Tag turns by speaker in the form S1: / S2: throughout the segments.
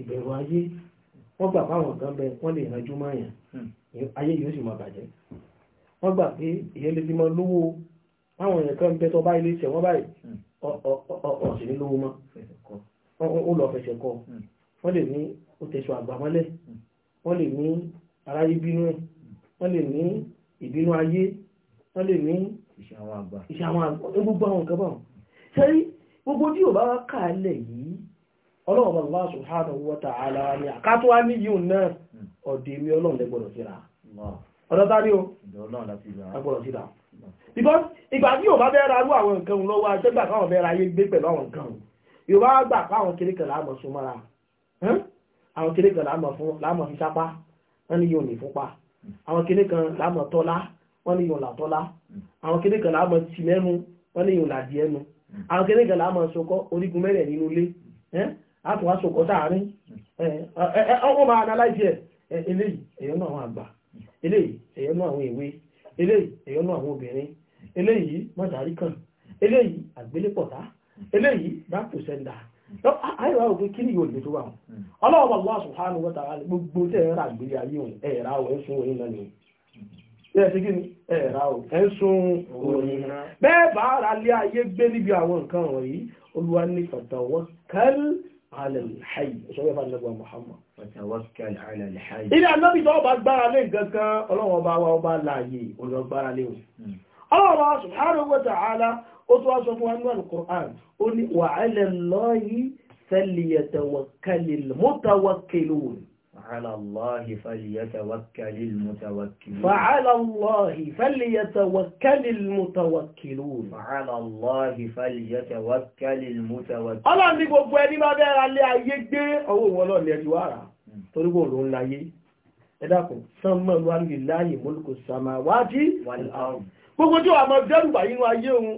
S1: ìbẹ̀rù ayé wọ́n gbà fáwọn kan bẹ wọ́n lè ranjú mọ́yàn hmm. ayé yóò sì máa bàjẹ́ wọ́n gbà pé ìyẹn lè fi mọ lówó àwọn èèyàn kan bẹ tó bá ilé iṣẹ́ wọ́n báyìí hmm. ọ̀sìn ní lówó mọ́ ó lọ fẹsẹ̀ kọ hmm. wọ́n lè ní o tẹ̀sọ̀ àgbàmọ́lẹ̀ wọ́n lè ní aráyé bínú ẹ̀ wọ́n lè ní ìbínú ayé wọ́n lè ní iṣẹ́ àwọn àgbà gbogbo àwọn nǹkan báwọn sẹ́rí gbogbo tí ò bá wá kàálẹ̀ yìí ọlọ́run Allah subhanahu wa ta'ala ní àkátó wá ní yíò náà hmm. ọ̀dẹ̀ mi ọlọ́run lẹ́gbọ̀dọ̀ síra ọ̀dọ̀ o because ìgbà tí yóò bá bẹ́ẹ̀ ra rú àwọn nǹkan lọ́wọ́ àjẹ́gbà káwọn bẹ́ẹ̀ ra ayé gbé pẹ̀lú àwọn nǹkan yóò bá gbà káwọn kéré kan láàmọ̀ sún mọ́ra àwọn kéré kan láàmọ̀ fi sápá wọ́n ní yóò ní fúnpa hmm. àwọn kéré kan ẹnu hmm. àwọn kéré kan láàmọ̀ orígun mẹ́rẹ̀ nínú ilé àtún wá sọ̀kọ́ sáàárín ma máa analyze ẹ̀ eléyìí èyàn náà Eleyi eyonu eléyìí ewe eleyi eyonu èwe obere eleyi náà kan eleyi àgbélépọ̀tá eléyìí back to sender àìwá òpin kí ni yóò lè tó wà wọn ọlọ́ọ̀bọ̀ Allah gbogbo ni bá ara lé ayé gbé níbi àwọn nǹkan olúwa على الحي شوية فعل نبوة محمد وتوكل على الحي إذا النبي صلى الله عليه وسلم قال الله أبا وأبا لا يي ونبا عليه الله سبحانه وتعالى أتواصف عنه القرآن وعلى الله فليتوكل المتوكلون فعلى الله فليتوكل المتوكلون فعلى الله فليتوكل المتوكلون فعلى الله فليتوكل المتوكلون Ọlọ́run ní gbogbo ẹni bá bẹ́ẹ̀ ra lé ayé gbé ọwọ́ ìwọ̀n lọ́ọ̀ lẹ́ẹ̀dì wà rà hmm. torí kò ló ń láyé ẹ̀dàkùn sánmọ́ ló ń láyé mọ́lùkù sàmáwájí gbogbo tí wàá mọ dẹ́rù wà nínú ayé òun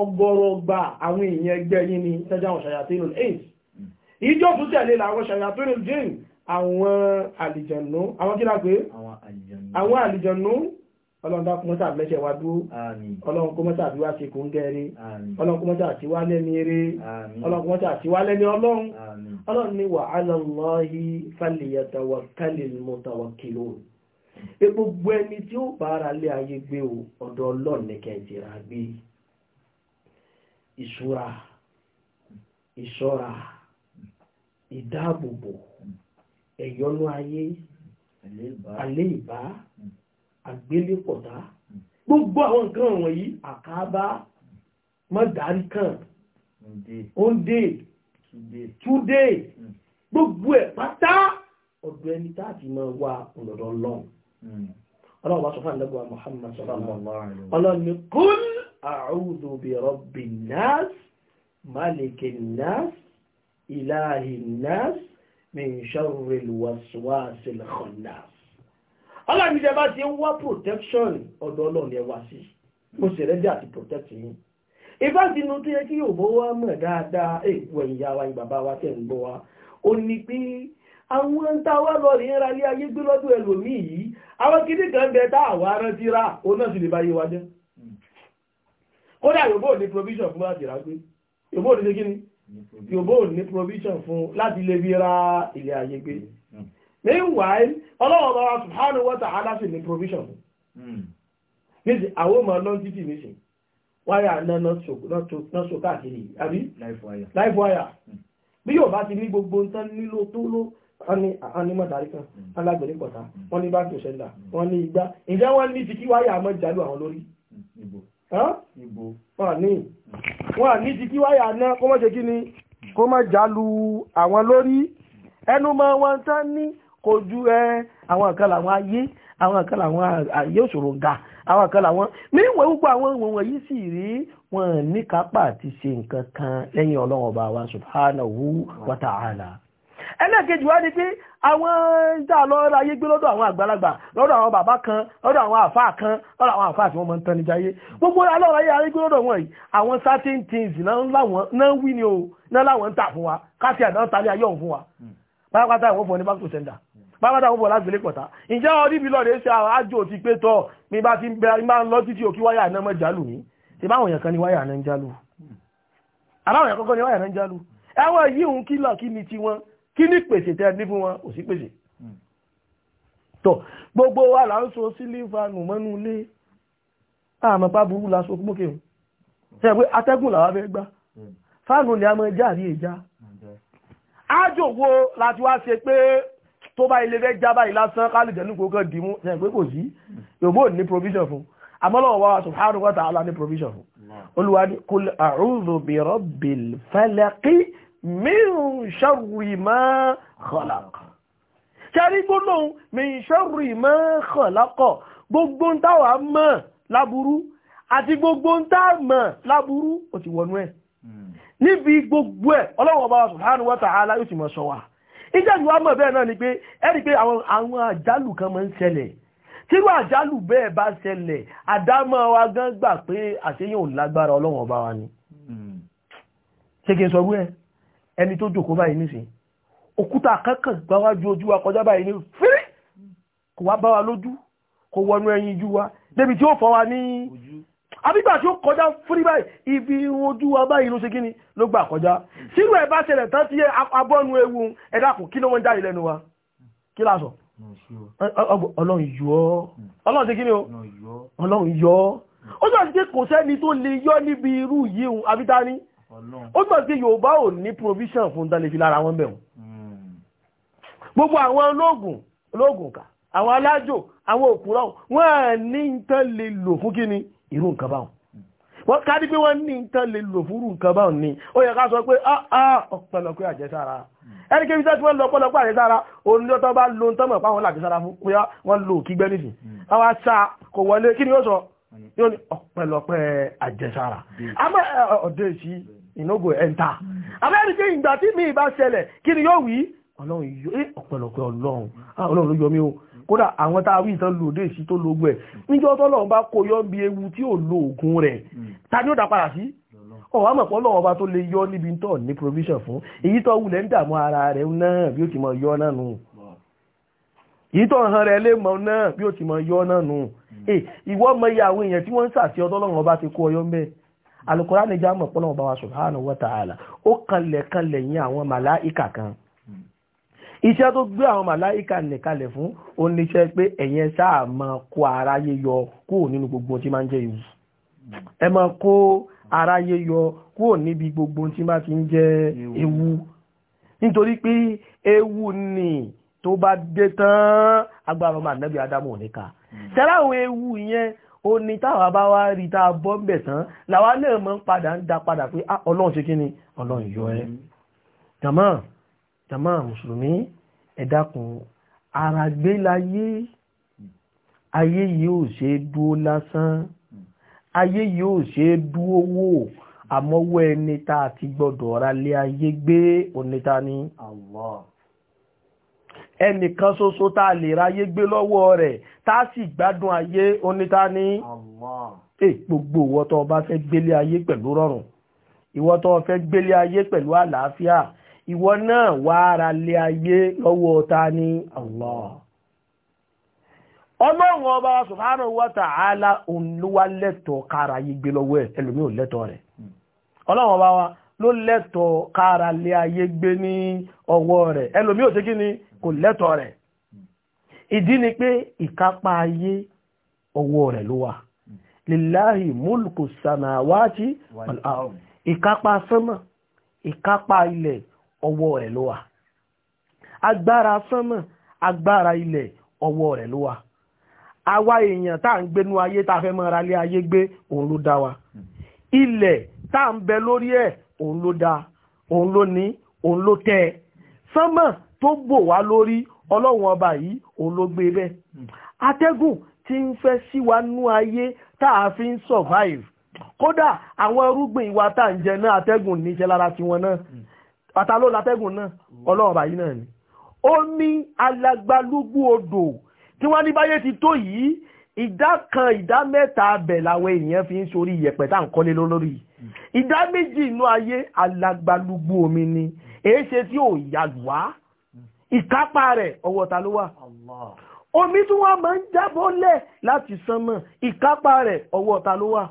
S1: ọgọ́rọ̀ gba àwọn èèyàn ẹgbẹ́ yín ni tẹ́jà àwọn ṣàyàtínú 8 ìjọ́ tún tẹ̀lé làwọn ṣàyàtínú 10 àwọn àlìjànú àwọn kí lápé àwọn àlìjànú ọlọ́run bá kọmọ́sà àbílẹ́ṣẹ̀ wa ọlọ́run kọmọ́sà àbí wá ṣe kò ń ọlọ́run kọmọ́sà àti wá lẹ́ni eré ọlọ́run kọmọ́sà àti wá lẹ́ni ọlọ́run ọlọ́run ni wa ala Allahi ìdáàbòbò ẹ̀yọ́nú ayé àléèbá hmm. àgbélépọ̀dá hmm. gbogbo àwọn nǹkan wọ̀nyí àkábá mọ́dárí kan ondé túdé hmm. gbogbo ẹ̀ pátá ọ̀dọ̀ ẹni táàtì máa wá ọ̀dọ̀ lọ́n ọlọ́run bá sọ fún àlẹ́gbà Muhammad sọ́lọ́mọ́ ọlọ́run ni kúl a'udhu bi min sharril waswasil khannas ọlọ́nìjẹ bá ti ń wá protection ọ̀dọ̀ ọlọ́ọ̀ni ẹ wá sí mo sì rẹ́dí àti protect yín ìbá ti nu tó yẹ kí yóò bó wá mọ̀ dáadáa èkó ẹ̀yìn ya wa ní bàbá wa tẹ̀ ń gbọ́ wa ó ní pé àwọn ń ta wá lọ rìn ní ayé gbé lọ́dún ẹlòmíì yìí àwọn kìíní kan bẹ tá àwa rántí rà ó náà sì lè bá yé wa jẹ́ kódà yòbó ní provision fún wa ti rà gbé yòbó ní ṣe kí ni yòbó ò ní provision fún láti lè bí ra ilé ayé gbé meanwhile ọlọ́wọ́ bá wa subhanahu wa ta'ala sì ní provision fún hmm. níbi àwọn ọmọ ọlọ́run títì nìsín wáyà náà so káàkiri àbí life wire hmm. bí yóò bá ti ní gbogbo nǹkan nílò tó ló anima dari kan hmm. alágbèrè pọ̀ta wọ́n ní bá tó ṣẹlá wọ́n ní igbá ìjẹ́ wọ́n ní ti kí wáyà mọ́ jálù àwọn lórí wọ́n ní wọ́n ní ti kí wáyà náà kó má ṣe kí ni kó má jálu àwọn lórí ẹnu mọ́ wọn tán ní kò ju ẹ àwọn kan làwọn ayé àwọn kan làwọn ayé òṣòro ga àwọn kan làwọn míwọ̀n gbogbo àwọn ìwọ̀n wọ̀nyí sì rí wọn ní kápá àti ṣe nǹkan kan lẹ́yìn ọlọ́run ọba wa subhanahu wa ta'ala ẹlẹ́kejì wá ni pé àwọn ìjà lọ́rọ̀ ayé gbé lọ́dọ̀ àwọn àgbàlagbà lọ́dọ̀ àwọn bàbá kan lọ́dọ̀ àwọn àfáà kan lọ́dọ̀ àwọn àfáà tí wọ́n máa ń tanijá yé gbogbo alọ́rọ̀ ayé ayé gbé lọ́dọ̀ wọn yìí àwọn certain things náà wí ni o náà láwọn ń tà fún wa káṣí àná tálé ayé ọ̀hún fún wa hmm. pátápátá ìwọ́n fún ọ ní back to center pátápátá ìwọ́n fún ọ lágbèlé pọ̀tá ǹjẹ́ ọ níbi lọ́ọ̀dẹ́ ṣe àjò ti pé tọ́ mi bá ti ń bẹ máa ń lọ títí òkí wáyà náà mọ́ jálù mi tí báwọn èèyàn kan ní wáyà náà ń jálù hmm. àbáwọn èèyàn kọ́kọ́ ní wáyà náà ń jálù ẹwọ́n kí ni tiwọn kí ní pèsè tẹ́ ní fún wọn ò sí pèsè hmm. tọ́ gbogbo wa là ń so sílífà nù mọ́nú lé àmọ́ burú la so mókè tẹ́ pé atẹ́gùn làwa fẹ́ gbá hmm. fáànù ni a mọ ẹja àrí ẹja hmm, láti wá ṣe pé tó bá ilé fẹ́ já báyìí lásán kálùjẹ̀nù kò dìímú tẹ́ pé kò sí yòbó ní provision fún àmọ́lọ́wọ́ subhanahu wa ta'ala ní provision fún olúwa ní kul min sharri ma khalaq ṣarí gbóná min sharri ma khalaq gbogbo ń táwà mọ̀ láburú àti gbogbo ń tá mọ̀ láburú ó ti wọnú ẹ̀ hmm. níbi gbogbo ẹ̀ Ọlọ́hun Ọba subhanahu wa ta'ala yóò ti mọ̀ sọ wa ìjẹ́jú wa mọ̀ bẹ́ẹ̀ náà ni pé ẹ́rì pé àwọn àjálù kan máa ń ṣẹlẹ̀ tírú àjálù bẹ́ẹ̀ bá ṣẹlẹ̀ wa gan gbà pé àṣeyàn ò lágbára Ọlọ́hun Ọba ni hmm. ṣe sọ wú ẹ̀ ẹni tó jòkó báyìí nísìn òkúta kankan gbáwájú ojú wa kọjá báyìí ní fírí kò wá bá wa lójú kò wọnú ẹyin ojú wa débi tí ó fọ́ wa ní àbígbà tí ó kọjá fírí báyìí ibi ojú wa báyìí ló ṣe kíni ló gbà kọjá sínú ẹ̀ bá ṣẹlẹ̀ tán tí abọ́nu ewu ẹ̀dá kò kí ló wọ́n jáde lẹ́nu wa kí la sọ ọlọ́run yọ ọlọ́run ṣe kíni o ọlọ́run yọ ó sọ àti pé kò sẹ́ni tó lè yọ níbi irú yìí àbítání ó túnmọ̀ sí Yorùbá ò ní provision fún dánilẹ́fi lára wọn bẹ̀rù hmm. gbogbo àwọn ológun ológun kà àwọn alájò àwọn òpùrọ̀ wọn à ní nǹkan lè lò fún kíni irú nǹkan báwọn hmm. wọ́n kárí pé wọ́n ní nǹkan lè lò fún irú nǹkan báwọn ni ó yẹ ká sọ pé ah, ah, ọ̀pọ̀lọpọ̀ àjẹsára hmm. ẹni kí wíṣẹ́ tí wọ́n lọ ọ̀pọ̀lọpọ̀ àjẹsára òun ní ọtọ́ bá lo ń tọ́mọ̀ páwọn làjẹsára fún pé wọ́n lo kígbẹ́ nìsín àwọn you no go enter abẹ́rẹ́ ṣe ìgbà tí mi ìbá ṣẹlẹ̀ kí ni yóò wí ọlọ́run yóò ẹ eh, ọ̀pọ̀lọpọ̀ ọlọ́run ah, ọlọ́run ló yọ mí o kódà àwọn tá a wí ìtàn lòdì èsì tó lógún ẹ̀ níjọ́ tọ́lọ́run bá kó yọ bí ewu tí ò lo oògùn rẹ̀ ta ni ó dá padà sí ọ̀wá mọ̀ pọ́lọ́ ọba tó lè yọ níbi tó ní provision fún èyí tó wulẹ̀ ń dààmú ara rẹ̀ náà bí ó ti mọ̀ yọ náà nù èyí tó hàn rẹ̀ lé mọ̀ náà bí ó ti mọ̀ yọ náà nù eh, ìwọ́ mọ̀ iye àwọn èèyàn tí wọ́n ń sàṣẹ ọdọ́lọ́run ọba ti kó ọyọ́ mẹ́ẹ̀ alukurani jámọ̀ pọ́lọ́wọ́ bá wa subhanahu wa ta'ala ó kanlẹ̀ kanlẹ̀ yín àwọn màláìkà kan iṣẹ́ tó gbé àwọn màláìkà nìkalẹ̀ fún oníṣẹ́ pé ẹ̀yẹn sáà máa kó aráyé yọ kúrò nínú gbogbo tí máa ń jẹ́ ewu ẹ máa kó aráyé yọ kúrò níbi gbogbo tí máa ti ń jẹ́ ewu nítorí pé ewu ni tó bá dé tán agbára ọmọ ànábì ádámù nìka tẹ́lá àwọn ewu yẹn ó ní táwa bá wá rí tá a bọ́ ń bẹ̀ tán làwa náà mọ́ ń padà ń da padà pé ah, ọlọ́run ṣe kí ni ọlọ́run yọ ẹ́ mm-hmm. jàmá jàmá mùsùlùmí ẹ dákun ara gbé láyé ayé yìí ò ṣe dúó lásán ayé yìí ò ṣe dúó wò àmọ́wọ́ ẹni tá a ti gbọ́dọ̀ ọ̀rá lé ayé gbé oníta ni Allah ẹnìkan ṣoṣo tá a lè ráyé gbé lọ́wọ́ rẹ̀ tá a sì gbádùn ayé oníta ní eh, gbogbo ìwọ tó bá fẹ́ gbélé ayé pẹ̀lú rọrùn ìwọ fẹ́ gbélé ayé pẹ̀lú àlàáfíà ìwọ náà wá ara lé ayé lọ́wọ́ ta ní Allah ọlọ́run ọba subhanahu wa ta'ala òun ló wá lẹ́tọ̀ọ́ kára yí gbé lọ́wọ́ ẹ̀ ẹlòmí ò lẹ́tọ̀ọ́ rẹ̀ ọlọ́run ọba wa ló lẹ́tọ̀ọ́ kára lé ayé gbé ní ọwọ́ rẹ̀ ẹlòmí ò sí ni kò lẹ́tọ̀ rẹ̀ ìdí ni pé ìkápá ayé ọwọ́ rẹ̀ ló wà lillahi mulku samawati ìkápá sánmà ìkápá ilẹ̀ ọwọ́ rẹ̀ ló wà agbára sánmà agbára ilẹ̀ ọwọ́ rẹ̀ ló wà àwa èèyàn tá ń gbénú ayé tá wa ilẹ̀ tá ń bẹ lórí ẹ̀ tó gbò wá lórí ọlọ́run ọba yìí òun ló gbé bẹ́ẹ̀ hmm. atẹ́gùn tí ń fẹ́ sí wa nú ayé tá a fi ń survive kódà àwọn irúgbìn ìwà tá à ń jẹ náà atẹ́gùn níṣẹ́ lára tiwọn náà àtàló hmm. látẹ́gùn náà hmm. ọlọ́run ọba yìí náà ni omi alagbalúgbú odò tí wọ́n ní báyé ti tó yìí ìdá kan ìdá mẹ́ta abẹ̀ làwọn èèyàn fi ń sorí ìyẹ̀pẹ̀ tá à ń kọ́lé lórí ìdá méjì inú ayé alagbalúgbú omi ni èéṣe tí ò yàlùwá ìkápá rẹ̀ ọwọ́ ta ló wà omi tí wọ́n máa ń jábọ́ lẹ̀ láti sánmọ̀ ìkápá rẹ̀ ọwọ́ ta ló wà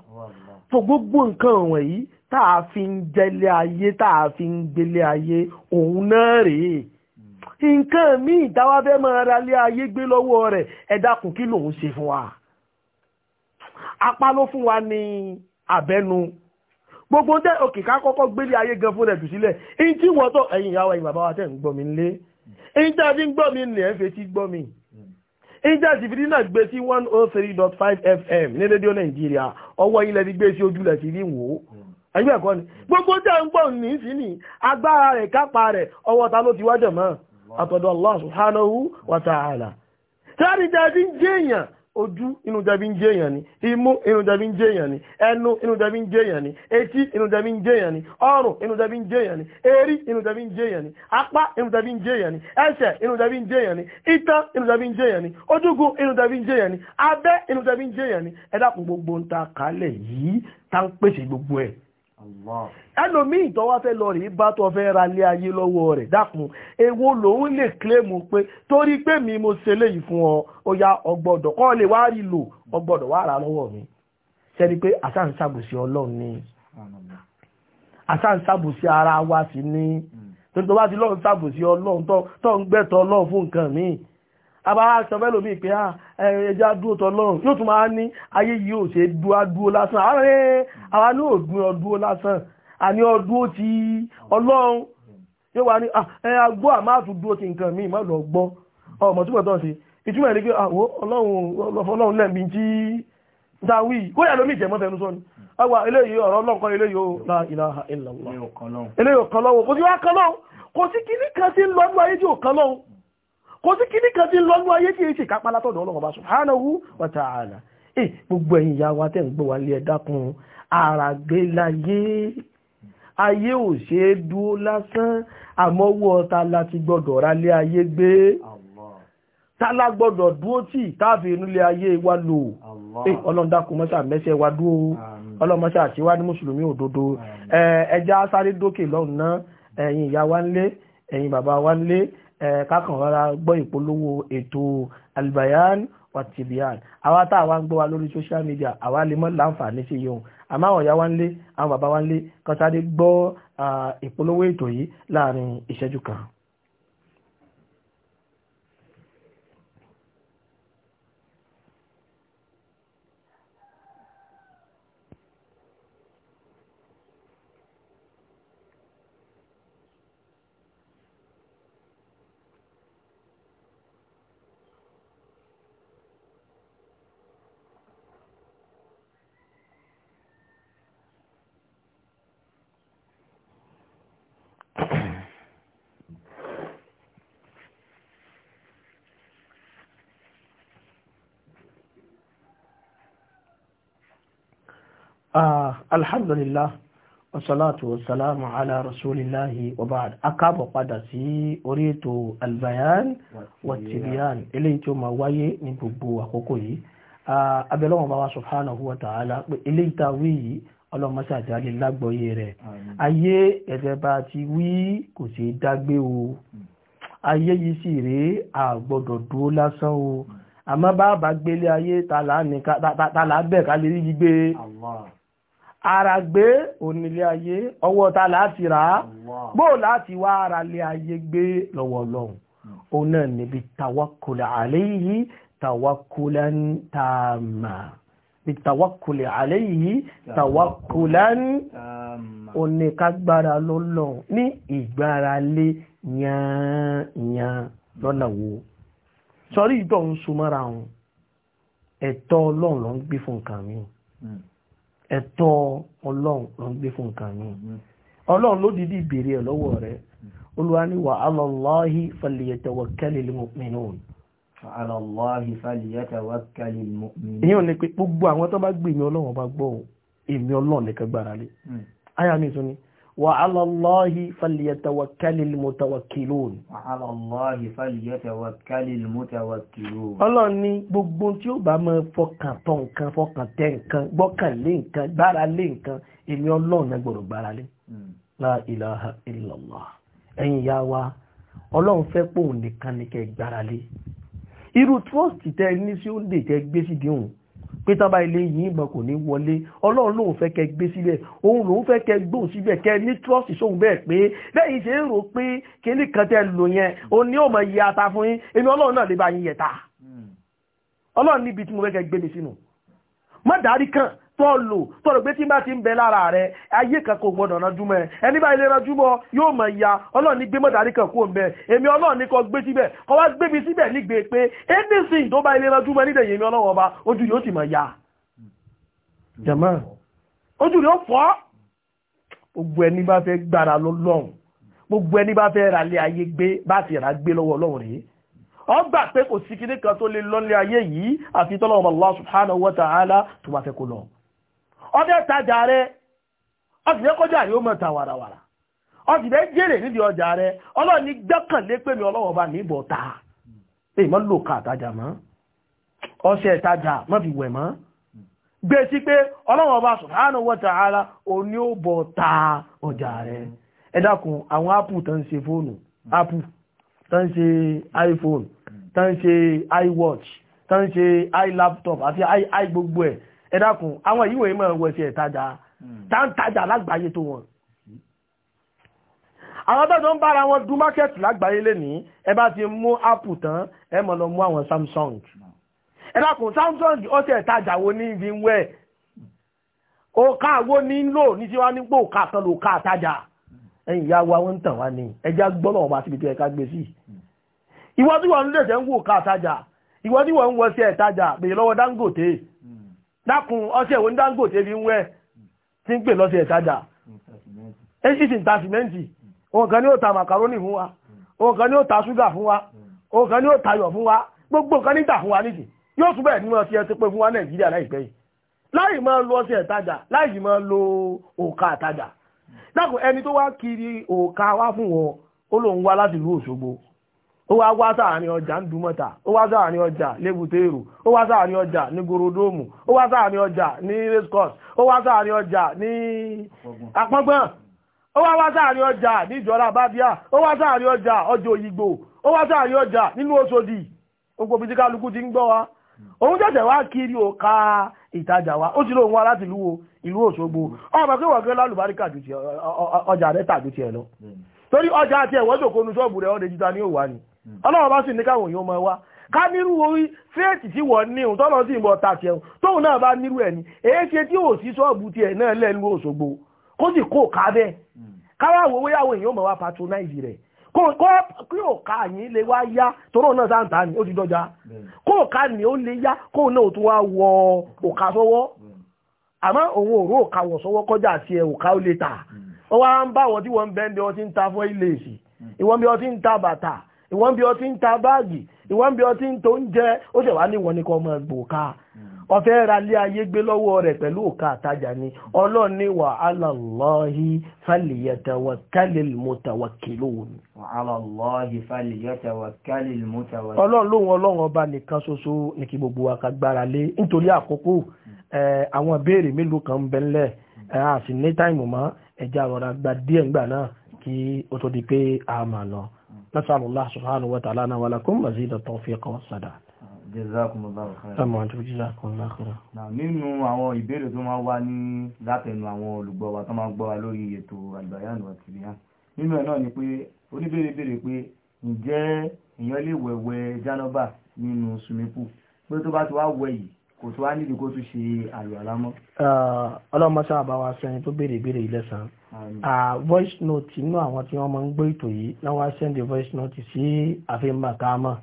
S1: tó gbogbo nǹkan wọ̀nyí tá a fi ń jẹlé ayé tá a fi ń gbélé ayé òun náà rèé hmm. nǹkan míì táwa fẹ́ máa ra lé ayé gbé lọ́wọ́ rẹ̀ ẹ dákun kí lòun ṣe fún wa apá ló fún wa ní abẹ́nu gbogbo tẹ́ òkè ká kọ́kọ́ gbélé ayé gan fún rẹ̀ jù sílẹ̀ ní tí wọ́n tó ẹ̀yìn ìyá wa ìbàbá wa tẹ́ ń gbọ́ mi nílé ìjà tí ń gbọ́ mi ní ẹ̀fẹ́ tí gbọ́ one oh fm ní rédíò nàìjíríà ọwọ́ ilẹ̀ ti gbé sí ojúlẹ̀ sí ẹgbẹ́ ẹ̀kọ́ ni gbogbo jẹ́ ń gbọ́ ní sí ni agbára rẹ̀ kápá rẹ̀ ọwọ́ ta ló ti wájọ̀ mọ́ àtọ̀dọ̀ Allah subhanahu wa ta'ala sáré jẹ́ ń jẹ́ ojú inú jẹbi ń jẹyàn ni imú inú jẹbi ń jẹyàn ni ẹnu inú jẹbi ń jẹyàn ni etí inú jẹbi ń jẹyàn ni ọrùn inú jẹbi ń jẹyàn ni èérí inú jẹbi ń jẹyàn ni apá inú jẹbi ń jẹyàn ni ẹsẹ̀ inú jẹbi ń jẹyàn ni itan inú jẹbi ń jẹyàn ni ojúgun inú jẹbi ń jẹyàn ni abẹ́ inú jẹbi ń jẹyàn ni ẹ dákun gbogbo ń ta kálẹ̀ yìí tá ń pèsè gbogbo ẹ̀ ẹlòmíì ìtọ́wá fẹ́ lọ rí bá tó fẹ́ ra lé ayé lọ́wọ́ rẹ̀ dákun èwo lòun lè kílèmù pé torí pé mi mo ṣe léyìí fún ọ ó yá ọgbọ́dọ̀ kọ́ lè wá rí lò ọgbọ́dọ̀ wá rà lọ́wọ́ mi ṣẹ́ni pé àṣàǹṣàbùsí ọlọ́run ni àṣàǹṣàbùsí ara wa sí ni hmm. torí tó bá ti lọ́run ṣàbùsí ọlọ́run tó ń gbẹ̀tọ̀ ọlọ́run fún nǹkan míì àbá sọfẹ́lò bíi pé ah, ẹja dúó tọ́lọ́run yóò tún máa ní ayé yìí ò ṣe dúó dúó lásán àárẹ̀ ah, àwa ní ògbìn ọdúó lásán àní ọdúó ti ọlọ́run yóò wá ní ah, ẹ̀yà gbọ́ àmáàtú dúó ti nǹkan míì má lọ gbọ́ ọmọ túbọ̀ tán sí ìtumọ̀ ní pé àwọ ọlọ́run lẹ́mí tí dáwì ó yà lómi ìjẹ̀mọ́ fẹnu sọ́ni ọgbà eléyìí ọ̀rọ̀ ọlọ́kọ́ eléyìí ó la ilaha illallah eléyìí ò kan lọ́wọ́ kò sí wá kan lọ́wọ́ kò sí kíní kan sí lọ́dún ayé tí ò kan lọ́wọ́ kò sí kíní kan tí ń lọ́nú ayé tí èsì kápá látọ̀dọ̀ ọlọ́run bá subhanahu wa ta'ala ẹ eh, gbogbo ẹ̀yin ìyá wa tẹ̀ ń gbọ́ wa lé ẹ dákun àràgbé láyé ayé ò ṣe é dúó lásán àmọ́ owó ọta láti gbọ́dọ̀ ra lé ayé gbé tálá gbọ́dọ̀ dúó tì táàfin inú lé ayé wa lò eh, ọlọ́run dákun mọ́sà mẹ́sẹ̀ wa dúó ọlọ́run mọ́sà àṣewádìí mùsùlùmí òdodo eh, ẹja sáré dókè lọ́hùn náà ìyá wa ń lé ẹ̀yin bàbá wa ń lé kákan rárá gbọ́ ìpolówó ètò albayan watibian àwa tá àwa ń gbọ́ wa lórí social media àwa lè mọ́ láǹfààní sí yòó àmọ́ àwọn ìyá wa ń lé àwọn bàbá wa ń lé kan gbọ́ ìpolówó ètò yìí láàrin ìṣẹ́jú kan. Ah, alhamdulillah wasalatu wasalamu ala rasulillahi wa ba'd akabo padà sí orí ètò albayan wa tibiyan eléyìí tí ó máa wáyé ní gbogbo àkókò yìí abẹ́lọ́wọ̀n bá wa subhanahu wa ta'ala pé eléyìí tá wí yìí ọlọ́mọṣẹ́ àjálẹ̀ lágbọ́yé rẹ̀ ayé ẹ̀fẹ́ bá ti wí kò sí dágbé o ayé yìí sì rèé a gbọ́dọ̀ dúró lásán o àmọ́ bá bá gbélé ayé tààlà bẹ́ẹ̀ ká lè rí gbígbé àràgbé onílé ayé ọwọ́ ta láti rà á bó láti wá ara lé ayé gbé lọ́wọ́ ọlọ́run òun náà níbi tawakkul alayhi tawakkulan tààmà ìtàwákulè àléyìí tàwákulán oníkágbára lọ́lọ́ ní ìgbáralé yányán lọ́nà wo sọ́rí ìtọ́ ń súnmọ́ra wọn ẹ̀tọ́ ọlọ́run ló ń gbé fún nǹkan mi hmm ẹ̀tọ́ ọlọ́run ló ń gbé fún nǹkan yìí ọlọ́run ló dìdí ìbèrè ẹ̀ lọ́wọ́ rẹ̀ olúwa ní wa ala Allahi falyatawakkalil mu'minun wa ala Allahi falyatawakkalil mu'minun èyí ò ní pé gbogbo àwọn tó bá وعلى الله فليتوكل المتوكلون وعلى الله فليتوكل المتوكلون Ọlọ́run ní gbogbo tí ó bá máa fọkàn tọ́ nǹkan fọkàn tẹ́ nǹkan gbọ́kàn lé nǹkan gbára lé nǹkan èmi Ọlọ́run náà gbọ́dọ̀ gbára lé hmm. la ilaha illallah ẹ̀yin ìyá wa Ọlọ́run fẹ́ pòun nìkan ni kẹ́ gbára lé irú trust tẹ́ ní sí ó lè tẹ́ gbé sídìí òun pé tán bá ilé yìí mọ̀ kò ní wọlé ọlọ́run lòun fẹ́ kẹ gbé síbẹ̀ òun lòun fẹ́ kẹ gbóhùn síbẹ̀ kẹ ní trust sóhun bẹ́ẹ̀ pé lẹ́yìn ṣe ń rò pé kíní kan tẹ́ lò yẹn o ní ò mọ̀ yẹ ata fún yín èmi ọlọ́run náà lè bá yín yẹta hmm. ọlọ́run níbi tí mo fẹ́ kẹ gbé mi sínú má dárí kàn tọ́lù tọ́lù pé tí bá ti ń bẹ lára rẹ̀ ayé kan kò gbọdọ̀ náà júmọ́ ẹ ẹni bá ilé náà júmọ́ yóò mọ̀ ya ọlọ́ọ̀ni gbé mọ̀dárí kan kúrò mbẹ́ èmi ọlọ́ọ̀ni kan gbé síbẹ̀ kọ́ wá gbé mi síbẹ̀ nígbè pé anything tó bá ilé náà júmọ́ nídẹ̀ yèmi ọlọ́wọ́ ọba ojú yóò ti mọ̀ ya. jama ojú yóò fọ́ gbogbo ẹni bá fẹ́ gbára lọ́lọ́run gbogbo ẹni bá fẹ́ ra lé ayé gbé bá ti rà gbé lọ́wọ́ ọlọ́run rèé ọ gbà pé kò sí kíní kan tó lè lọ́lé ayé yìí àfi tọ́lọ́wọ́ Allah subhanahu wa ta'ala tó bá fẹ́ kó lọ ọdẹ tajà rẹ ọsìlẹ kọjá rẹ ó mọ ta warawara ọsìlẹ jèrè nídìí ọjà rẹ ọlọ́run ní gbẹ́kànlé pé mi ọlọ́wọ́ bá níbọ̀ ta èyí mọ́ ka àtajà mọ́ ọṣẹ ìtajà mọ́ fi wẹ̀ mọ́ gbé sí pé ọlọ́wọ́ bá subhanahu wa ta'ala ó bọ̀ ta ọjà rẹ ẹ dákun àwọn tó ń ṣe fóònù tó ń ṣe iphone tó ń ṣe iwatch ẹ dákun àwọn yìí wọ̀nyí máa hmm. ń wẹ̀sẹ̀ ìtajà táǹtajà lágbàáyé tó wọn àwọn tó tó ń bára wọn dún market lágbàáyé lẹ́ni ẹ bá ti mú apple tán ẹ lọ mú àwọn samsung hmm. ẹ dákun samsung ọ̀sẹ̀ ìtajà wo ní ibi ń wẹ̀ òkà wo ní lò ní tí wá nípò òkà tán ló ká àtajà hmm. ẹ̀yìn ìyá wa wọ́n ń tàn wá ní ẹjá gbọ́nà ọba síbi tí ẹ̀ka gbé sí ìwọ́n tí wọ́n ń lè dákun ọṣẹ ìwé ní Dangote bí ń wẹ́ tí ń pè lọ́sẹ̀ ìtajà èyí sì ń ta sìmẹ́ǹtì òun kan ní ó ta makaroni fún wa òun kan ní ó ta fún wa òun kan ó fún wa gbogbo nǹkan níta fún wa nìsí yóò túbẹ̀ ní ti ẹ ti pé fún wa Nàìjíríà láìpẹ́ yìí láì ìtajà láì kiri òkà wá fún wọn ó ó wá wá sáàrin ọjà ń dùmọ́ta ó wá sáàrin ọjà lẹ́bùté èrò ó wá sáàrin ọjà ní gorodóòmù ó wá sáàrin ọjà ní racecourse ó wá sáàrin ọjà ní àpọ́ngbọ́n ó wá wá sáàrin ọjà ní ìjọra bábíà ó wá sáàrin ọjà ọjọ́ òyìnbó ó wá sáàrin ọjà nínú Òṣòdì kálukú wa òun wá kiri òka ìtajà wa ó lóun wá láti ìlú Òṣogbo ọjà rẹ̀ tàbí lọ torí ọjà àti Mm. ọlọ́run bá sì ní káwọn èèyàn wá ká nírú orí fẹ́ẹ̀tì tí wọ́n ní sí ìbọn tàti ẹ̀hún tóun náà bá nírú ẹ̀ ní èé ṣe tí ò sí ṣọ́ọ̀bù tiẹ̀ náà lẹ́nu Òṣogbo kó sì kó mm. ká bẹ́ẹ̀ èèyàn patronize rẹ̀ kó kí ò ká yín lè wá yá ni ó ti kó ká ni ó lè yá náà tún wá wọ òkà àmọ́ òun ò òkà wọ̀ kọjá àti ẹ̀ òkà ó lè tà wọ́n mm. wá ń bá wọn tí ti ta ilé èsì ta bàtà ìwọ́n bí ọtí ń ta báàgì ìwọ́n bí ọtí ń tó ń jẹ ó sì wá ní ìwọ ní kọ́ ọmọ ẹgbò ká ọ̀fẹ́ hmm. ra lé ayé gbé lọ́wọ́ rẹ̀ pẹ̀lú òkà àtajà ni ọlọ́run ní wa ala Allahi falyatawakkalil mutawakkilun. wa ala Allahi falyatawakkalil mutawakkilun. ọlọ́run lóhun ọlọ́run ọba nìkan ṣoṣo ní kí gbogbo wa ká gbára lé nítorí àkókò hmm. àwọn ìbéèrè mélòó kan ń bẹ ńlẹ̀ àti hmm. ní táìmù mọ́ ẹ̀já rọra gba díẹ̀ ńgbà náà kí ó tó di pé a máa lọ. نسأل الله سبحانه وتعالى لنا ولكم مزيد التوفيق والسداد jazakumullahu khairan. nínú àwọn ìbéèrè tó máa wá ní látẹnu àwọn olùgbọ́ wa tó máa gbọ́ wa lórí ètò àlùbáyánù àtìríyàn nínú ẹ̀ náà ni pé oníbèrè béèrè pé ǹjẹ́ èèyàn lè wẹ̀wẹ̀ jánábà nínú sumipu pé tó bá ti wá wẹ̀ yìí kò tó wá níbi kó tún ṣe àlùwàlá mọ́. ọlọ́mọṣẹ́ àbáwá sẹ́yìn tó béèrè ìbéèrè yìí lẹ́sàn voice note inú àwọn tí wọ́n máa ń gbé ètò yìí náà wá sẹ́ndì voice note sí àfihàn màkàmọ́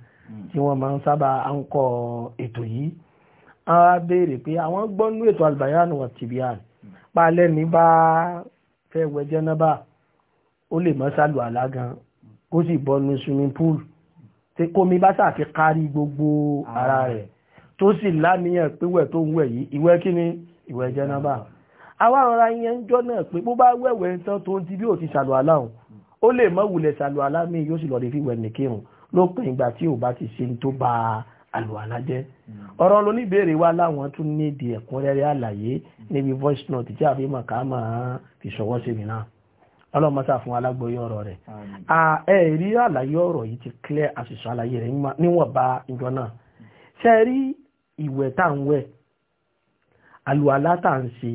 S1: tí wọ́n máa ń sábà ń kọ ètò yìí a béèrè pé àwọn gbọ́nú ètò albayanu wa tibian palẹ̀ ní bá fẹ́ wẹ̀ jẹ́nàbà ó lè mọ́ sálù àlá gan kó sì bọ́nu swimming pool kómi bá sàfi kárí gbogbo ara rẹ̀ tó sì láníyàn pé wẹ̀ tó ń wẹ̀ yìí ìwẹ̀ kí ni ìwẹ̀ jẹnaba àwọn ará yẹn ń jọ náà pé bó bá wẹ̀wẹ̀ tán tó ń ti bí ò ti ṣàlù àlá òun ó lè mọ́ wulẹ̀ ṣàlù àlá mi yóò sì lọ rí fíwẹ̀ nìkírun lópin ìgbà tí ò bá ti ṣe tó bá àlù àlá jẹ́ ọ̀rọ̀ lóníbèrè wa láwọn tún nídìí ẹ̀kúnrẹ́rẹ́ àlàyé níbi voice note tí àfi mọ̀ ká máa fi ṣọwọ́ sí mi náà ọlọ́mọta fún alágbóyé ọ̀rọ̀ rẹ̀ ẹ̀rí àlàyé ọ̀rọ̀ yìí ti clear àṣìṣọ́ àlàyé rẹ̀ níwọ̀nba ìjọ náà ṣe rí ìwẹ̀ tá ń wẹ̀ àlùwàlá tá ń ṣe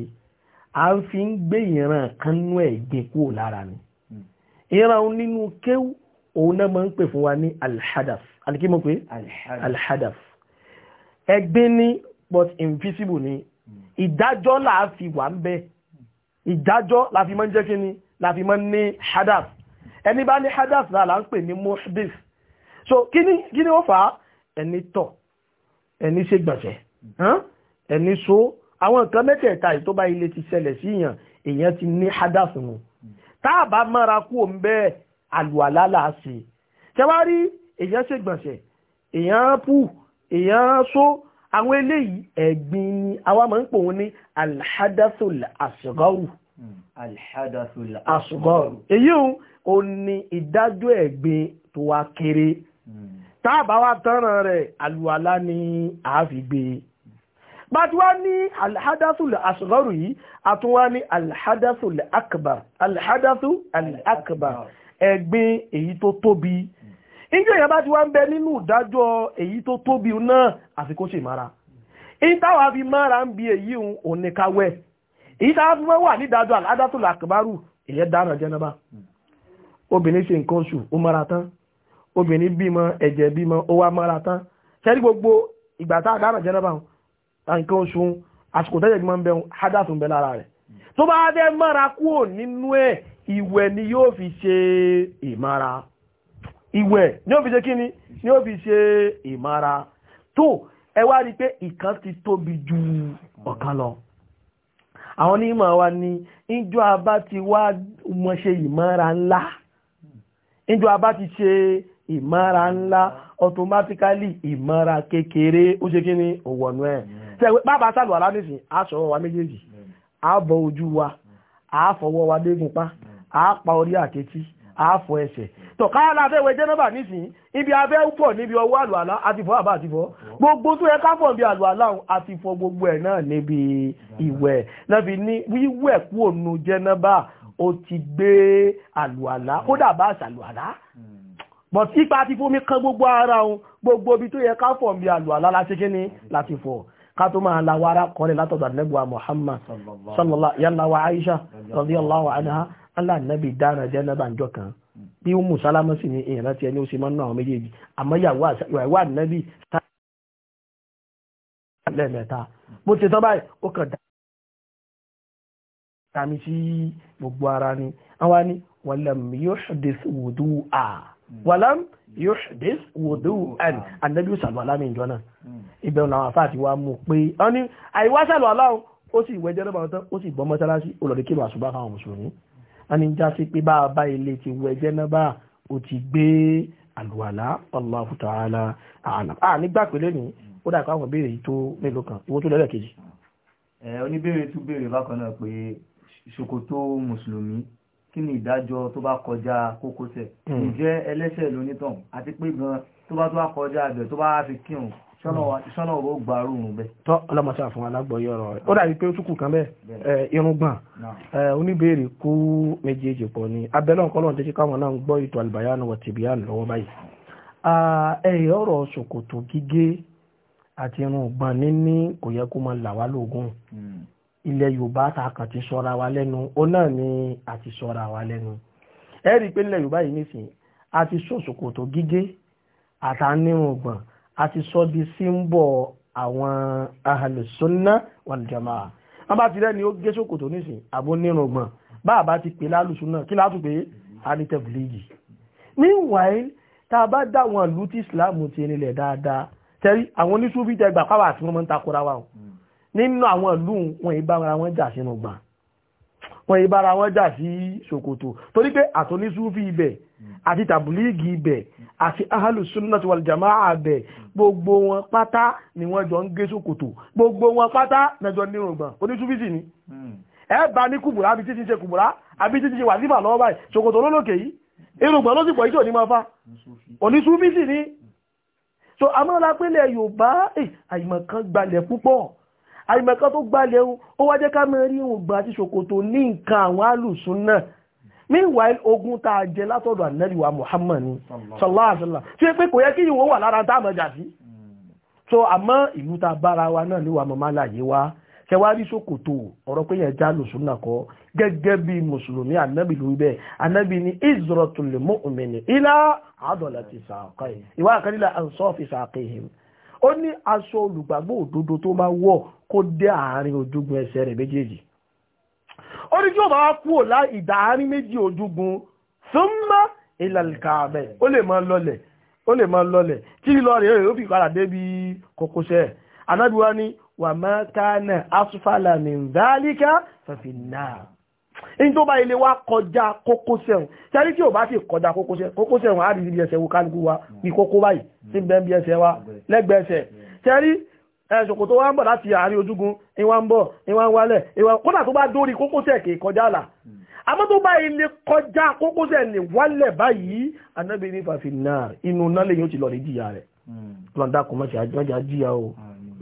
S1: a fi ń gbé ìran kan nú ẹ̀gbin kúrò lára ni ìran nínú kéwù òun náà máa ń pè fún wa ní alhadaf alikimo pé alhadaf ẹ̀gbin ni but invisible ni ìdájọ́ là á fi wà ń bẹ ìdájọ́ la fi máa ń jẹ́ kí ni la fi máa ń ní hadaf ẹni bá ní hadaf náà là ń pè ní muhdif so kí ni ó fà á ẹni tọ̀ ẹni ṣègbọ̀nsẹ̀ ẹni so àwọn nǹkan mẹ́tẹ̀ẹ̀ta yìí tó bá ilé ti ṣẹlẹ̀ sí yàn èèyàn ti ní hádàfù wọn tá a bá mọ́ra kú òun bẹ́ẹ̀ àlùwàlá là á ṣe tẹ́wárí èèyàn ṣègbọ̀nsẹ̀ èèyàn pù èèyàn so àwọn eléyìí ẹ̀gbin ni àwa máa ń pò wọn ní alhadathul asgharu alhadathul asgharu èyí ò ní ìdájọ́ ẹ̀gbin tó wá kéré hmm táàbá wa tánràn rẹ̀ àlùwàlá ni àáfìgbé e. bàtíwá ní alhadasu asgharu yìí àtúnwá ní alhadathul akbar alhadathul akbar ẹ̀gbin èyí tó tóbi ìjọ èèyàn bá ti wá ń bẹ nínú ìdájọ́ èyí tó tóbi náà àfikún ṣe ìmára ìtawà fi mára ń bi èyí òun èyí táwà fi wá ní ìdájọ́ alhadathul akbaru ìyẹn dáná jẹnaba obìnrin ṣe nǹkan oṣù obìnrin bímọ ẹ̀jẹ̀ bímọ ó wá mọ́ra tán ṣẹ́rí gbogbo ìgbà tá àkàrà jẹ́ náà bá nǹkan oṣù àsìkò tẹ́jẹ̀ bí mọ́ ń bẹ lára rẹ̀ tó bá fẹ́ mọ́ra kúrò nínú ẹ̀ ìwẹ̀ ni yóò fi ṣe ìmára ìwẹ̀ ni yóò fi ṣe kíni ni yóò fi ṣe ìmára tó ẹ wá rí pé ìkan ti tóbi ju ọ̀kan lọ àwọn onímọ̀ wa ni ìjọ abá ti wá mọ́ ṣe ìmára ńlá ìjọ abá ti ṣe ìmọ́ra ńlá automatically ìmọ́ra kékeré ó ṣe kí ni òwọ̀nú ẹ̀ tẹ́wẹ́ bàbá sàlù àlá nìsín aṣọ wa méjèèjì àbọ̀ ojú wa àfọwọ́ wa dégunpá àpa orí àkẹ́tí àfọ ẹsẹ̀ tọ̀ká aláfẹ́wẹ́ jẹ́nẹ́bà nìsín ibi abẹ́ pọ̀ níbi ọwọ́ àlù àlá àtifọ́ àbá àtifọ́ gbogbo tó yẹ káfọ̀ bí àlù àlá àtifọ́ gbogbo ẹ̀ náà níbi ìwẹ̀ náà fi ní wíwẹ̀ kúònù jẹ́nẹ́bà ó ti gbé àlù àlá kódà bá àṣàlù àlá but ipa ti fomi kan gbogbo ara òun gbogbo ibi tó yẹ ká fọ̀ bí àlò àlá láti kí ni láti fọ̀ ká tó máa la wàrà kọ́lẹ̀ látọ̀dọ̀ àdínẹ́gbà Muhammad sallallahu yàlláwà Aisha radiyallahu anha aláàdínẹ́bì dára jẹ́nẹ́bà ń jọ kan bí ó mú sálámọ́ sí ni èèyàn ti ẹni ó sì mọ́ náà méjèèjì àmọ́ ìyàwó àdínẹ́bì lẹ́ẹ̀mẹ́ta bó ti tán báyìí ó kàn dá tàmí gbogbo ara ni àwọn ni walam yuhdith wudu'a Walam yóò ṣẹ̀dẹ́ wòdó àn ànábì sàlùwàlá mi ìjọ náà ibẹ̀ làwọn afá àti wa mú pé ọ ní àìwá sàlùwàlá o si sì wẹ jẹ́ lọ́bàá tán ó sì bọ́ mọ́sálásí olùdí kí màṣúbà fáwọn mùsùlùmí wọn ni já sí pé bá a bá ilé ti wẹ jẹ́ náà o ti gbé àlùwàlá Allahu ta'ala àlàm à nígbà pé lónìí ó dà káwọn béèrè yìí tó mélòó kan ìwọ tó lẹ́lẹ̀ kejì. oníbèrè tún béèrè bákan náà pé ṣòkòtò mùsùlùmí kí ni ìdájọ́ tó bá kọjá kókósẹ̀ hmm. ǹjẹ́ ẹlẹ́ṣẹ̀ lónítàn àti pé gan tó bá tó bá kọjá àgbẹ̀ tó bá fi kírun ṣọ́nà ọ̀rọ̀ gbàrú òun bẹ́ẹ̀. tọ́ ọlọ́mọṣẹ́ àfọ̀n alágbọ̀yé ọ̀rọ̀ rẹ̀ ó dàbí pé ó túkù kan bẹ́ẹ̀ irungbọ̀n oníbèrè kú méjèèjì pọ̀ ni abẹ́lẹ́ ọ̀kọ́ lọ́n tẹ́jú káwọn náà ń gbọ́ ètò àlùbáyánu wọ̀ tìbí à lọ́wọ́ báyìí. ọ̀rọ̀ ṣòkòtò gígé àti irungbọ̀n níní kò yẹ kó máa là ilẹ̀ yorùbá ta kàn ti sọra wa lẹ́nu ó náà ni a ti sọra wa lẹ́nu ẹ rí i pé ilẹ̀ yorùbá yìí nìsín a ti sọ ṣòkòtò gígé àtànírùngbọ̀n a ti sọ di símbọ̀ àwọn ahàlùsọ́nà wàlùjàmá wọn bá ti rẹ́ni ó gé ṣòkòtò nìsín àbónírùngbọ̀n bá a bá ti pè lálùsùn náà kí látùpé anitẹ́bùlẹ́yì meanwhile tá a bá dáwọn ìlú tí islam ti rinlẹ̀ dáadáa tẹ́rí àwọn oníṣúbí tẹgbà nínú àwọn ìlú wọn ìbára wọn jà sínú gbà wọn ìbára wọn jà sí Sokoto torí pé àtọ́nísúfì ibẹ̀ àti tàbùlíìgì ibẹ̀ àti ahalu sunnati wal jamaa ibẹ̀ gbogbo wọn pátá ni wọ́n jọ ń gé Sokoto gbogbo wọn pátá nẹjọ nírun gbà onísúfì sì ni hmm. ẹ bá ní kùbùrá àbí títí ṣe kùbùrá àbí títí ṣe wàzífà lọ́wọ́ báyìí Sokoto lólòkè yìí irùngbọ̀n ló sì pọ̀ ìjọ ní máa fa onísúfì sì ni so àìmọ̀kan tó gbalẹ̀ ohun ó wá ká mọ̀ rí ohun gbà àti ṣòkòtò ní nǹkan àwọn alùsùn náà meanwhile ogun tá a jẹ látọ̀dọ̀ ànẹ́lìwà Muhammad sallallahu alaihi wasallam pé kò yẹ kí ìwọ̀n wà lára tá jà sí so àmọ́ ìlú ta bára wa náà níwà mọ̀ máa láàyè wa kẹwàárí ṣòkòtò ọ̀rọ̀ pé yẹn já lùsùn náà kọ́ gẹ́gẹ́ bí mùsùlùmí ànábì lórí bẹ́ẹ̀ ànábì ní izratul mu'mini ilá àádọ́lá ti sàkọ́ ìwà àkàrílà ansọ́ọ̀fì sàkọ́ ìhìn ó ní aṣọ olùgbàgbọ́ òdodo tó bá wọ̀ kó dé àárín ojúgun ẹsẹ̀ rẹ̀ méjèèjì ó ní kí ó máa kú òlá ìdáárín méjì ojúgun súnmọ́ ìlàlìkààbẹ̀ ó lè máa lọlẹ̀ ó lè máa lọlẹ̀ tí lọ rẹ̀ ó fi padà débi kókósẹ̀ anábíwá ní wàmákánà asúfàlà mìíràn dálíkà fàfin náà in tó bá ilé wa kọjá kókósẹ̀ tẹ́rí tí ò bá sì kọjá kókósẹ̀ kókósẹ̀ wọn á rí ibi ẹsẹ̀ wo wa bí kókó báyìí sí bẹ́ẹ̀ bí ẹsẹ̀ wa lẹ́gbẹ̀ẹ́sẹ̀ tẹ́rí ẹ̀ṣọ̀kò tó wá ń bọ̀ láti àárín ojúgun ìwà ń bọ̀ ìwà ń wálẹ̀ ìwà kódà tó bá dórí kókósẹ̀ kì í kọjá là àmọ́ tó bá ilé kọjá kókósẹ̀ ní wálẹ̀ báyìí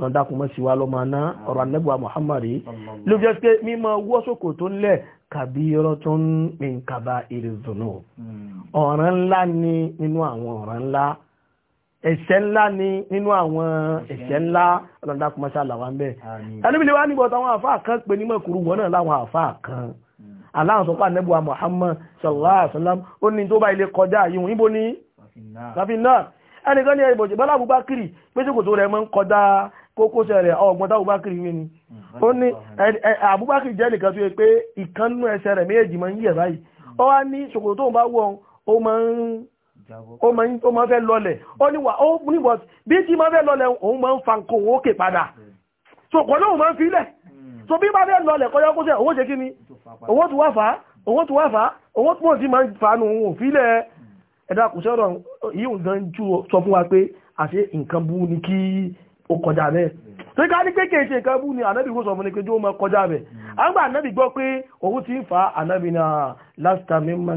S1: lọ́n dákun mọ́ sí wa lọ́mọ aná ọ̀rọ̀ anẹ́gbà muhammadu ló jẹ́ pé mímọ wọ́sọ̀kò tó ń lẹ̀ kàbí ọ̀rọ̀ tó ń pin kaba ìrìnzùnú hmm. ọ̀ràn ńlá ni nínú àwọn ọ̀ràn ńlá ẹ̀ṣẹ̀ ńlá ni nínú àwọn ẹ̀ṣẹ̀ ńlá lọ́n dákun mọ́ sí àlàwà ń bẹ̀ ẹnubìlẹ̀ wa níbọ̀ táwọn àfáà kan pè ní mọ̀kúrú wọn náà láwọn àfáà kan hmm. aláwọn sọpá anẹ́gbà muhammad sallallahu alaihi wasallam ó ní tó bá ilé kọjá yìí níbo ni láfi náà ẹnìkan ní ẹbọ̀jẹ̀ bọ́lá abubakiri pé tí kò rẹ̀ mọ́ ń kọjá kókósẹ̀ rẹ̀ ọgbọ́n tábùbákìrì wí ni ó ní àbúbákìrì mm-hmm. jẹ́ nìkan tó yẹ pé ìkànnú ẹsẹ̀ rẹ̀ méjèèjì máa ń yẹ̀ báyìí ó wá ní ṣòkòtò tóun bá wọ̀ ó máa ń ó máa ń fẹ́ lọlẹ̀ ó ní wà ó ní bọ̀ bí tí máa fẹ́ lọlẹ̀ òun máa ń fa nǹkan òun òkè padà so kò lóun máa ń filẹ̀ mm. so bí máa fẹ́ lọlẹ̀ kọjá kóṣẹ̀ òun ṣe kí ni òun tó wá fà á òun tó wá fà á òun tó ti máa ń fa nu òun òfilẹ̀ mm. ẹ̀dá kò sọ̀rọ̀ yìí gan ju sọ fún wa pé àṣe nǹkan ó kọjá bẹ́ẹ̀ hmm. tó ká ní kéèkéè ṣe nǹkan bú ni ànábì kó sọ fún ni pé jó mọ kọjá bẹ̀ hmm. àgbà ànábì gbọ́ pé òun ti ń fa ànábì náà lásìkà mímọ̀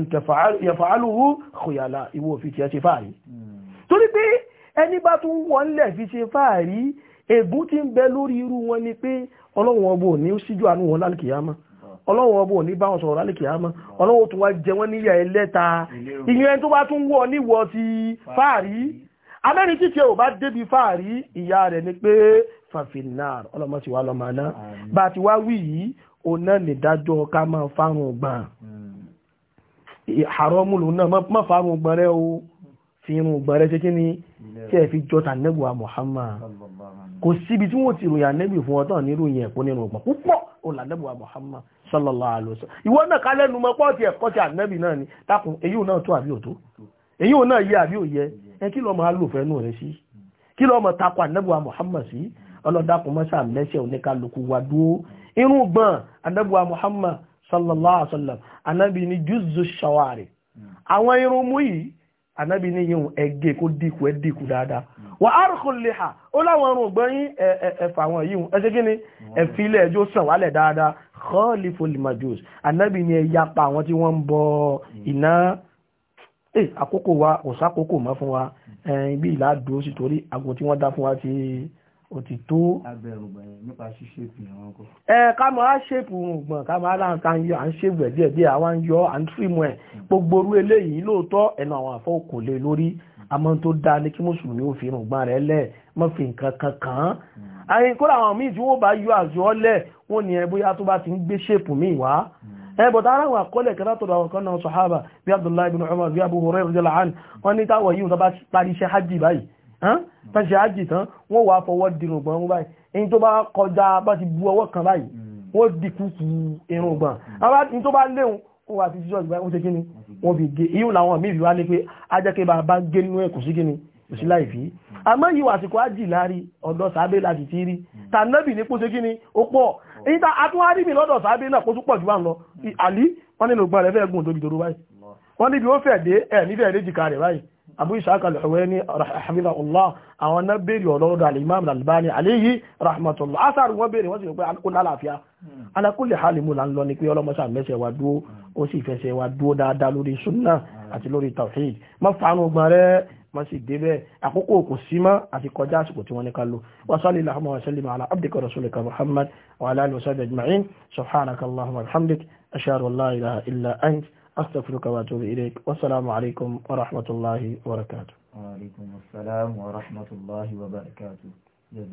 S1: yẹfàálùwú kòyàlà ìwò òfin tiẹ̀ ṣe fàárí hmm. torí pé ẹni bá tún wọ́n lẹ̀ fi ṣe fàárí ègún ti ń bẹ lórí irú wọn ni pé ọlọ́wọ́n amẹ́rin tí tí ò bá débi fàárí ìyá rẹ̀ ni pé fàfinnar ọlọ́mọ ti wá lọ́mọ náà bá ti wá wí yìí òun náà lè dájọ́ ká máa fárun gbọ̀n àrọ́mù hmm. náà má fárun gbọ̀n rẹ o fi irun gbọ̀n rẹ ṣe ni tí ẹ fi jọta nẹ́gbọ̀ Muhammad kò síbi tí wọ́n ti ròyìn ànẹ́bì fún ọtọ́ níròyìn ẹ̀kọ́ nínú ọgbọ̀n púpọ̀ òun lànẹ́bọ̀ Muhammad sallallahu alaihi wasallam ìwọ náà kálẹ́nu mọ́ pọ́ọ̀tì ẹ̀kọ́ ti ànẹ́bì náà ni takùn èyí náà tó àbí òtó èyí náà yẹ àbí òyẹ ẹ kí lọ́mọ alòfẹ́ nù rẹ̀ sí kí lọ́mọ takọ ànábùwà Muhammad sí ọlọ́dàkùn mọ́sà lẹ́sẹ̀ oníkálukú wa dúró inú gbọ́n ànábùwà Muhammad sallallahu alaihi wasallam ànábì ní jùzù ṣàwárì àwọn irun mú yìí ànábì ní yíò ẹgẹ́ kó dínkù ẹ dínkù dáadáa wà árùkùnléhà ó láwọn irun gbọ́n yín ẹ̀fà àwọn yìí ẹ ṣe kí ni ẹ̀fílẹ̀ ẹjọ́ sàn wálẹ̀ dáadáa khaliful majus ànábì ní ẹ yapa àwọn tí wọ́n ń bọ iná eh akoko wa kò koko mọ́ fún wa eh, ibi ìlàdúró sí torí àgò tí wọ́n dá fún wa ti ó ti tó eh, ká máa ṣèpù ọgbọ̀n ká máa láǹkà ń yọ à ń ṣèpù ẹ̀ díẹ̀ díẹ̀ àwọn ń yọ à ń tìrìmù ẹ̀ hmm. gbogbo orú eléyìí lóòótọ́ ẹnu àwọn àfọ́ kò lè lórí àmọ́ hmm. tó dáa ní kí mùsùlùmí ò fi rùngbọ́n rẹ̀ lẹ̀ mọ́ fi nǹkan kan kàn án hmm. àyìn kó làwọn míì tí wọ́n bá yọ àjọ lẹ̀ wọ́n ní ẹ bóyá tó bá ti ń gbé ṣèpù míì wá ẹbọ̀tá eh, ara wà kọ́lẹ̀ kẹrátọ̀rọ̀ àwọn kan náà sọ̀hábà bí Abdullahi ibn Umar bí Abu Hurairah radiyallahu anhu wọ́n ní táwọ̀ yíò tàbá parí iṣẹ́ hajji báyìí tán ṣe hajji tán wọ́n wà fọwọ́ dìrùn gbọ́n mú báyìí èyí tó bá kọjá bá ti bu ọwọ́ kan báyìí hmm. wọ́n di kúkú irun gbọ́n hmm. àbá ní tó bá léhun ó wà fi jíjọ́ ìgbà ó ṣe kí ni wọ́n fi gé ìhùn èyí tá a tún wá rí mi lọ́dọ̀ sábẹ́ náà kó tún pọ̀ jù bá ń lọ àlí wọ́n nínú gbọ́n rẹ̀ fẹ́ gùn tóbi dòdó báyìí wọ́n níbi ó fẹ̀ dé ẹ̀ nífẹ̀ẹ́ léjìká rẹ̀ báyìí abu ishaq al-huwaini rahimahullah àwọn na bèèrè ọ̀rọ̀ da imam albani alayhi rahmatullah má sì débẹ̀ àkókò kò sí mọ́ àti kọjá àsìkò tí wọ́n ní ká lò wa sallallahu wa sallim ala abdika rasulika muhammad wa ala alihi wa sahbihi ajma'in subhanaka allahumma wa bihamdik ashhadu ilaha illa ant astaghfiruka wa atubu ilayk wassalamu alaykum wa rahmatullahi wa barakatuh wa alaykum assalam wa rahmatullahi wa barakatuh